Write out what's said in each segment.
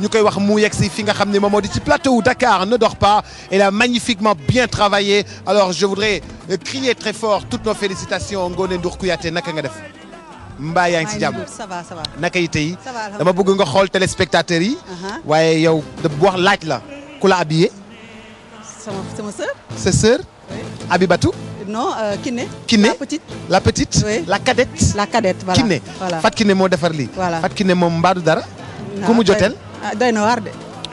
ñu koy wax mu yegg si fi nga xam ne moom moo di ci plateau wu Dakar ne dort pas elle a magnifiquement bien travaillé alors je voudrais euh, crier très fort toutes nos félicitations Ngoné Ndour Kouyaté naka nga def. mbaa yaa ngi si jàmm ça va ça va naka yi tey dama bëgg nga xool téléspectateurs yi. Uh-huh. waaye yow da wax laaj la ku la habillé. sama sama sœur. sa sœur. Abibatou. non euh, Kiné. Kiné la petite la petite. la cadette. la cadette voilà Kiné. Fat Kiné moo defar lii. voilà Fat Kiné moom mbaadu dara. ku mu joteel. ah doy na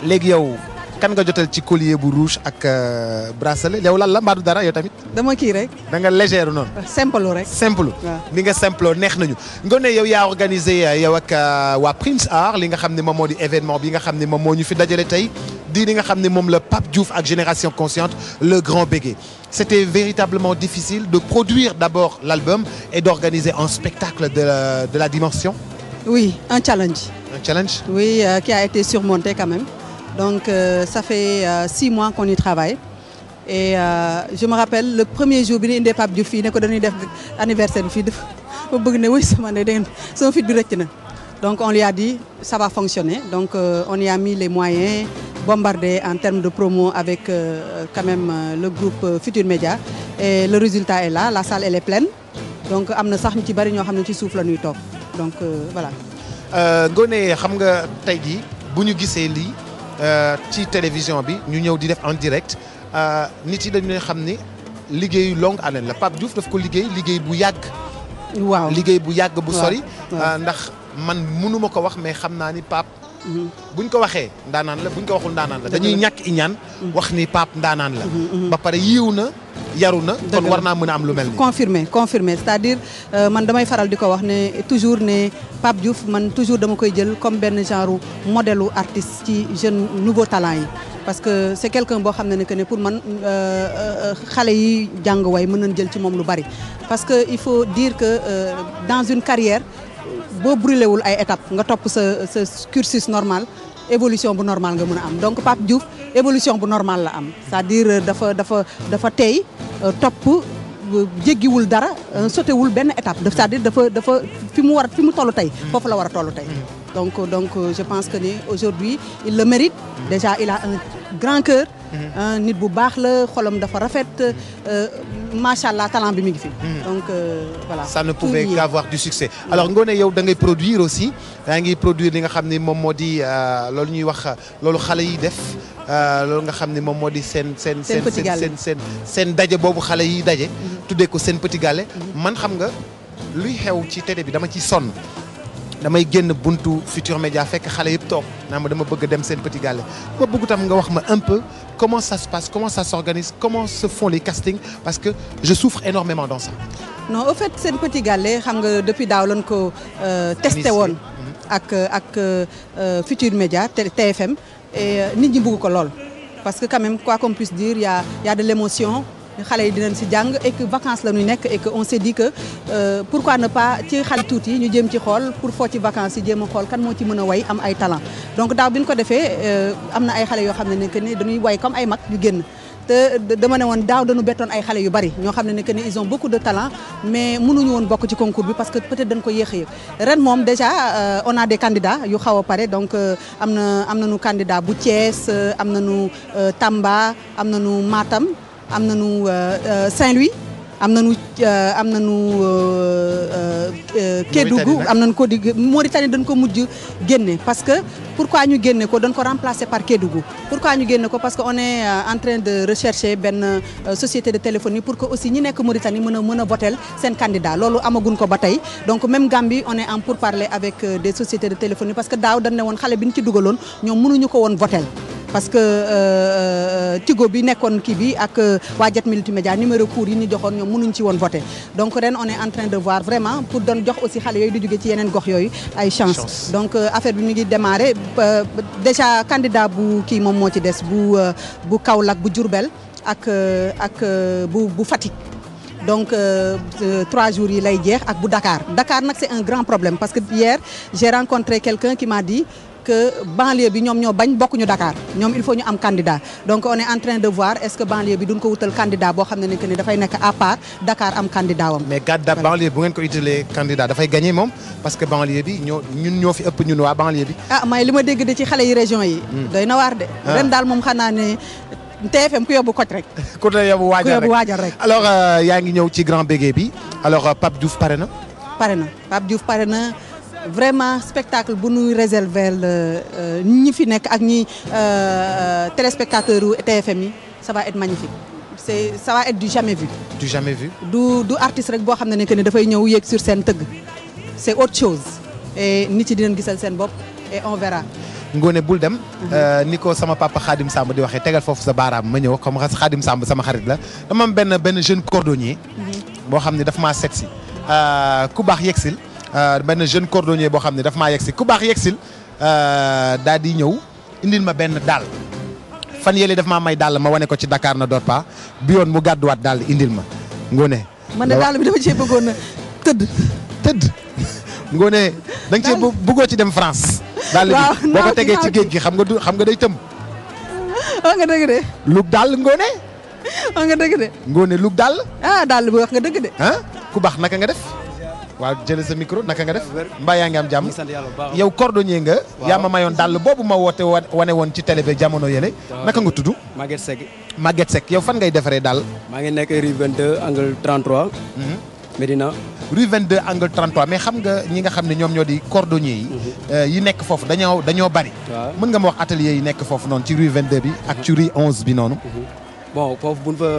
léegi yow kan nga jotal ci collier bu rouge ak euh, bracelet yow lan la mbaa dara yow tamit. dama kii rek. da nga légère noonu. simple rek. simple li nga simple neex nañu. nga yow yaa organisé euh, yow ak euh, waa Prince Art li nga xam ne moom moo di événement bi nga xam ne moom moo ñu fi dajale tey li nga xam ne moom la Pape Diouf ak Génération Consciente le grand bégué. c'était véritablement difficile de produire d'abord l'album et d'organiser un spectacle de de la dimension. oui un challenge. Un challenge Oui, euh, qui a été surmonté quand même. Donc euh, ça fait euh, six mois qu'on y travaille. Et euh, je me rappelle, le premier jour, il y a Pape Diouf, il y a anniversaire de fille. Son fils Donc on lui a dit, ça va fonctionner. Donc euh, on y a mis les moyens, bombardés en termes de promo avec euh, quand le groupe Futur Média. Et le résultat est là, la salle elle est pleine. Donc amna sax ñu ci bari ño xamné ci la ñuy tok. Donc voilà. Euh, Ngoné xam nga tey jii bu ñu gisee lii euh, ci télévision bi ñu ñëw di def en direct euh, nit yi dañu xam ni liggéeyu longue haleine la Pape Diouf daf ko liggéey liggéey bu yàgg. waaw liggéey bu yàgg bu sori. ndax man mënuma ko wax mais xam naa ni Pape. bu ñu ko waxee ndaanaan la buñ ko waxul ndaanaan la dañuy ñàkk iñaan mm-hmm. wax ni Pape ndaanaan la mm-hmm, mm-hmm. ba pare yiw na yaru na kon war naa mën a am lu mel nii confirmé confirmé c'est-à-dire euh, man damay faral di ko wax ne toujours ne Pape Diouf man toujours dama koy jël comme benn genre modèle u ci jeune nouveau talent yi parce que c'est quelqu'un boo xam ne ne que ne pour man euh, euh, xale yi jàng way mën nañ jël ci moom lu bari parce que il faut dire que dans une carrière boo brûlé wul ay étape nga topp sa sa cursus normal évolution bu normal nga mën a am donc Pape Diouf évolution bu normal la am sa à dire euh, dafa dafa dafa tey euh, topp euh, jéggiwul dara sotewul benn étape c'est-à-dire dafa dafa fi mu war fi mu toll tey foofu la war a toll tey donc je pense que ni aujourd'hui il le mérite déjà il a un grand cœur Mm-hmm. Euh, nit bu baax la xolom dafa rafet euh, macha allah talent bi mi ngi fi. Mm-hmm. donc euh, voilà ça ne pouvait qu'avoir du succès. alors Ngoné yow da ngay produire aussi yaa ngi produire li nga xam ni moom moo di loolu ñuy wax loolu xale yi def loolu nga xam ni moom moo di seen. seen seen seen seen seen daje boobu xale yi daje. Mm-hmm. tuddee ko seen petit man xam nga luy xew ci télé bi dama ci sonn. damay génn buntu Futur Média fekk xale yëpp toog naa ma dama bëgg dem seen petit gàlle ma bëgg nga wax ma un peu comment ça se passe comment ça s'organise comment se font les castings parce que je souffre énormément dans ça non au fait seen petit xam nga depuis daaw lañ ko euh, testé woon mhm. ak ak euh, Futur Média TFM et euh, nit ñi bëgg ko lool parce que quand même quoi qu'on puisse dire y de l'émotion xale yi dinañ si jàng et que vacances la nekk et que on s'est dit que euh, pourquoi ne pas ci xale tuuti ñu jëm ci xool pour foo ci vacances yi jéem a xool kan moo ci mën a way am ay talent donc daaw bi nu ko defee euh, am na ay xale yoo xam ne ne que ni dañuy way comme ay mag ñu génn te dama ne woon daaw danu bettoon ay xale yu bari ñoo xam ne ne que ni ils ont beaucoup de talent mais mënuñu woon bokk ci concours bi parce que peut-être dañ ko yéex a ren moom déjà euh, on a des yu xaw a pare donc am na am nañu candidat bu Thiès am nañu Tamba am nañu Matam am nañu euh, euh, Saint-Louis am nañu euh, am nañu Kédougou am nañu ko di Mauritanie dañ ko mujj génne parce que pourquoi ñu génne ko dañ ko remplacer par Kédougou pourquoi ñu génne ko parce que on est en train de rechercher benn société de téléphonie pour que aussi ñi nekk Mauritanie mën a mën a votel seen candidat loolu amaguñ ko ba tey donc même Gambie on est en pourparlers avec des sociétés de téléphonie parce que daaw dañ ne woon xale bi ñu ci dugaloon ñoom mënuñu ko woon votel parce que euh, euh, Tigo bi nekkoon kii bi ak euh, waa Jet multimédia numéro cours yi ñu joxoon ñoom mënuñ ci woon voté donc ren on est en train de voir vraiment pour doon jox aussi xale yooyu di jóge ci yeneen gox yooyu ay chance donc affaire bi mu ngi démarré déjà candidat bu kii moom moo ci des bu bu Kaolack bu jurbel ak ak bu bu Fatick donc euh, trois jours yi lay jeex ak bu Dakar Dakar nag c'est un grand problème parce que hier j'ai rencontré quelqu'un qui m'a dit que banlieue bi ñoom ñoo bañ bokkuñu Dakar ñoom il faut ñu am candidat donc on est en train de voir est-ce que banlieue bi duñ ko wutal candidat boo xam ne ne dafay nekk à part Dakar am candidat wam. mais gàdda ah dégg de ci xale yi région yi. Hmm. doy na waar de. Ah. ren daal moom xanaa ne. TFM ku yóbbu koc rek. ku yóbbu waajal rek alors euh, yaa ngi ñëw ci grand bégué bi alors euh, Pape Diouf pare na. pare na Pape Diouf pare na. vraiment spectacle bu ñuy réserver euh, ñi fi nekk ak ñi euh, euh, téléspectateurs yu TFM yi ça va être magnifique c'est ça va être du jamais vu. du jamais vu. du du artiste rek boo xam ne que ni dafay ñëw yéeg sur seen tëgg c'est autre chose et nit ci dinañ gisal seen bopp et on verra. Ngone bul dem mhm. ni ko sama papa Khadim Samb di waxee tegal foofu sa baaraam ma ñëw comme Khadim Samb sama xarit la dama am benn benn jeune cordonnier. Mhm. boo xam ne dafa maa seet si ku baax sil Euh, benn jeune cordonnier boo xam ne daf maa yegsi ku baax yegsil euh, daal di ñëw indil ma benn daal fan yële daf ma may daal ma wane ko ci Dakar na doot pas bi yoon mu waat daal indil ma ngoone. man de daal bi dama ci bëggoon tëdd. tëdd ngoone da nga cee bëggoo ci dem France. daal bi tegee ci géej gi xam nga du xam nga day tëm. wax ah, lu daal ngoone. wax ah, nga ngoone lu daal. ah daal bi wax nga dëgg de. ku baax naka nga def. waaw jële sa micro naka nga def mbaa yaa ngi am jàmm yow cordonnier nga yaa ma mayoon dàll boobu ma woote wane woon ci télé bi jamono yële naka nga tudd Maguette Seck Maguette Seck yow fan ngay defaree daal maa ngi nekk rue 22 angle 33 mhm. Médina rue 22 angle 33 mais xam nga ñi nga xam ne ñoom ñoo di cordonnier yi mhm. euh, nekk foofu dañoo dañoo bari mën nga ma wax atelier yi nekk foofu noonu ci rue 22 bi ak ci rue 11 bi noonu mhm. bon foofu buñ fa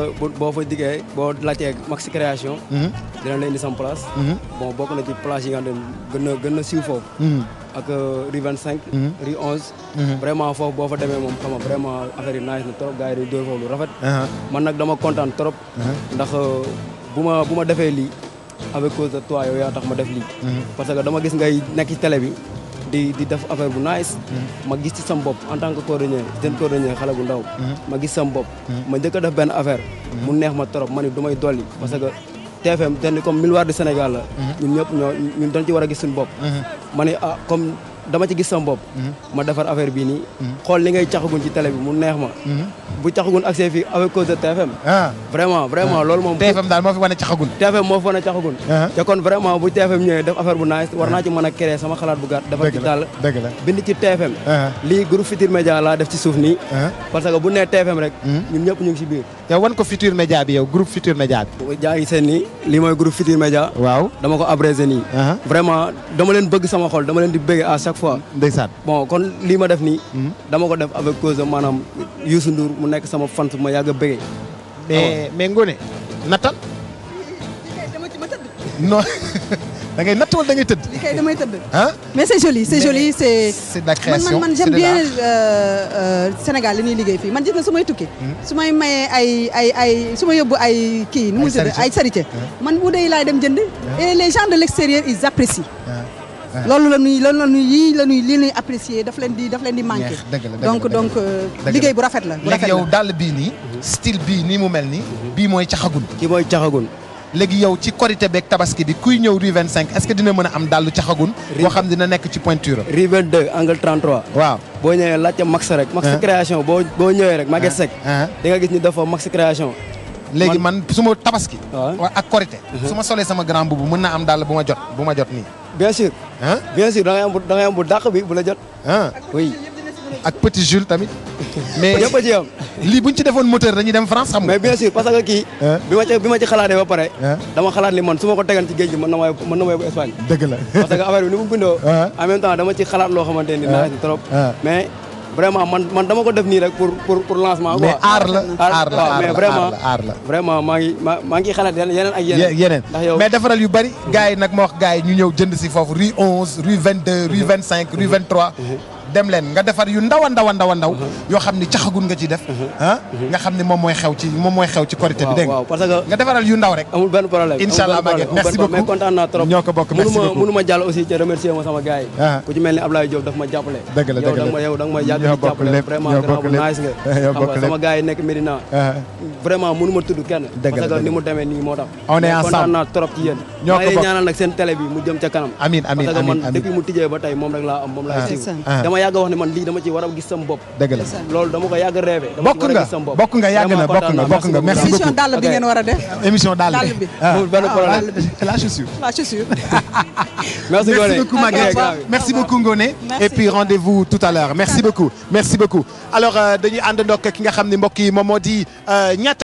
boo fa diggee boo laajtee Max Création. Mhm. dina la indi sama place. Mhm. bon bokk na ci place yi nga xam gën a gën a siiw foofu. Mhm. ak euh, rue 25. rue 11. vraiment foofu boo fa demee moom xam nga vraiment affaire yi na trop gars yi di dóor lu rafet. Uh-huh. man nag dama kontaan trop. Uh-huh. ndax euh, bu ma bu ma defee lii avec cause de toi yow yaa ma def lii. parce que dama gis ngay nekk ci bi. di di def affaire bu nice mhm. ma gis ci sam bopp en tant que cordonnier jeune cordonnier xale bu ndaw mhm. ma gis sam bopp mhm. ma njëkk a def benn affaire mu neex ma trop ma ni du may dolli parce que TFM dañ comme miroir du Sénégal la ñun ñëpp ñoo ñun dañ ci war a gis suñu bopp ma ni ah dama ci gis sama bopp. ma defar affaire bii nii. xool li ngay caxaguñ ci télé bi mu neex ma. bu caxaguñ accès fii avec cause de TFM. Ah. vraiment vraiment loolu moom. TFM daal moo fi wane caxaguñ. TFM moo fi wane caxaguñ. Ah. te kon vraiment bu TFM ñëwee def affaire bu nice war naa ci mën a créer bu gàtt. defar ci daal bind ci TFM. Ah. lii groupe Futur Média laa def ci suuf nii. parce que bu nee TFM rek. Hmm. ñun ñëpp ñu ngi si biir. yow wan ko Futur Média bi yow groupe Futur Média bi. jaa ngi seen nii lii mooy groupe Futur dama ko abrégé nii. vraiment dama leen bëgg sama xol dama leen di bëgg chaque fois. ndeysaan bon kon lii ma def nii. Hmm. dama ko def avec cause maanaam Youssou Ndour mu nekk sama fan ma yàgg a bëggee. mais oh. mais Ngoné nattal. non da ngay natt wala da ngay tëdd. li kay damay tëdd. ah mais c'est joli c'est joli création man man euh, euh, Sénégal li liggéey fii man gis na su may tukki. Hmm. su may mayee ay ay ay su ma yóbbu ay kii nu mu tudd ay charité hmm. man bu de laay dem jënd. et les gens de l'extérieur ils apprécient. Ah. loolu la ñuy loolu la ñuy yii la ñuy lii ñuy apprécier daf leen di daf leen di manqué donc donc euh, liggéey bu rafet la léegi yow dàll bii nii mhm. style bii nii mu mel nii mhm. bii mooy caxagun kii mooy caxagun léegi yow ci korité beeg tabaski bi kuy ñëw rue 25 est-ce que dina mën a am dàllu caxagun boo xam dina nekk ci pointure rue 22 angle 33 waaw boo ñëwee laajte max rek max création boo boo ñëwee rek Maguette Seck di nga gis ni dafa max création léegi man suma ma tabaski. Ah. ak korite. Uh-huh. su ma solee sama grand boubou mën naa am dàll bu ma jot bu ma jot nii. bien sûr. ah bien sûr bu da bu dàq bi bu la jot. ah ak petit Jules tamit. mais ñëpp a ci am. lii bu ñu ci defoon moteur dañuy dem France xam nga. mais bien sûr parce que bi ma ci xalaatee ba pare. dama xalaat li man su ma ko tegan ci géej gi mën na ma mën na ma yóbbu Espagne. dëgg la parce que bi ni mu bindoo. en même temps dama ci xalaat loo xamante ni. naa trop vraiment man man dama ko def nii rek pour pour pour lancement. mais aar la aar la aar la vraiment maa ngi maa ngi xalaat yeneen ak yeneen. yeneen mais defaral yu bari. gars yi nag ma wax gars yi ñu ñëw jënd si foofu rue 11 rue 22 rue 25 mhm. rue 23. dem nga defar yu ndaw a ndaw ndaw mhm. yoo xam ni caxagun nga ciy def mhm. Ah? Mhm. nga xam ni moom mooy xew ci moom mooy xew ci nga defaral yu ndaw rek amul benn problème merci bokk merci beaucoup mënu ah. ma trop mu jëm ca kanam amiin amiin depuis mu tijjee ba tey moom rek laa am yàgg wax ne man lii dama ci war a gis sama bopp dëgg la loolu dama ko yàgg rêvé bokk nga bokk nga yàgg na bokk nga bokk nga merci beaucoup émission dàll bi ngeen war a def émission dàll bi ah. benn problème ah, la chaussure la chaussure merci beaucoup Maguette merci beaucoup Ngoné et puis rendez-vous tout à l'heure merci beaucoup merci beaucoup alors euh, dañuy ànd ndokk ki nga xam ne mbokk yi moom moo di ñett euh,